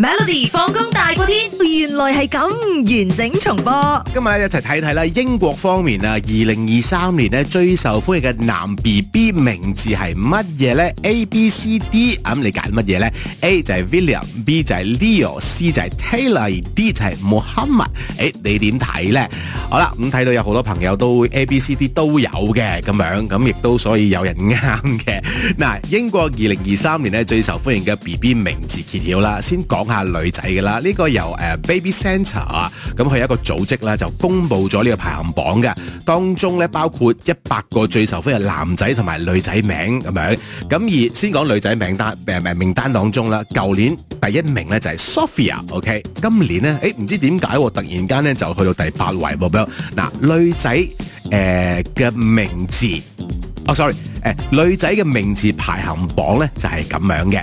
Melody 放工大過天，原來係咁完整重播。今日咧一齊睇睇啦，英國方面啊，二零二三年呢，最受歡迎嘅男 B B 名字係乜嘢呢？A B C D 咁、嗯、你揀乜嘢呢？A 就係 William，B 就係 Leo，C 就係 Taylor，D 就係 Mohammad 誒、欸，你點睇呢？好啦，咁、嗯、睇到有好多朋友都 A B C D 都有嘅咁樣，咁、嗯、亦都所以有人啱嘅。嗱、嗯，英國二零二三年呢，最受歡迎嘅 B B 名字揭曉啦，先講。下女仔嘅啦，呢個由誒 Baby Center 啊，咁佢有一個組織咧，就公布咗呢個排行榜嘅，當中咧包括一百個最受歡迎男仔同埋女仔名咁樣。咁而先講女仔名單名名單當中啦，舊年第一名咧就係 Sophia，OK，今年咧誒唔知點解突然間咧就去到第八位，咁樣。嗱女仔誒嘅名字，哦 sorry，誒女仔嘅名字排行榜咧就係咁樣嘅。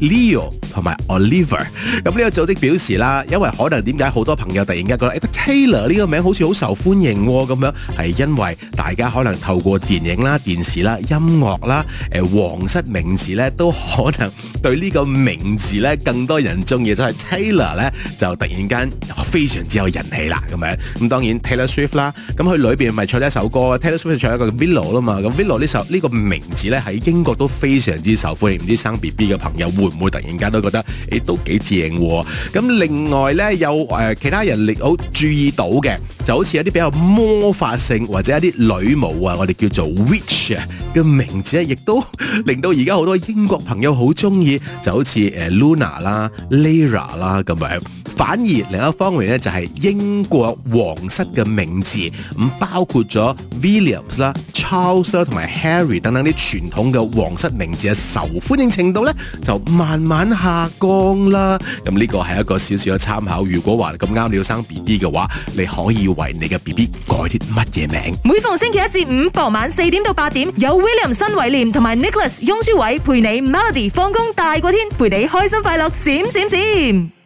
Leo 同埋 Oliver，咁呢個組織表示啦，因為可能點解好多朋友突然間覺得、欸、Taylor 呢個名好似好受歡迎咁、哦、樣，係因為大家可能透過電影啦、電視啦、音樂啦，誒、呃、皇室名字咧都可能對呢個名字咧更多人中意，所以 Taylor 咧就突然間非常之有人氣啦咁樣。咁當然 Taylor Swift 啦，咁佢裏邊咪唱咗一首歌，Taylor Swift 就係唱一個 Willow 嘛，咁 Willow 呢首呢、呢個名字咧喺英國都非常之受歡迎，唔知生 BB 嘅朋友會？會唔會突然間都覺得誒都幾正喎？咁另外咧有、誒其他人力好注意到嘅，就好似一啲比較魔法性或者一啲女巫啊，我哋叫做 witch 嘅名字咧，亦都令到而家好多英國朋友好中意，就好似誒 Luna 啦、Lera 啦，咁樣。反而另一方面咧，就係英國皇室嘅名字咁，包括咗 Williams 啦。Paul Sir 同埋 Harry 等等啲傳統嘅皇室名字嘅受歡迎程度咧，就慢慢下降啦。咁呢個係一個少少嘅參考。如果話咁啱你要生 BB 嘅話，你可以為你嘅 BB 改啲乜嘢名？每逢星期一至五傍晚四點到八點，有 William 新偉廉同埋 Nicholas 雍書偉陪你 Melody 放工大過天，陪你開心快樂閃閃閃閃。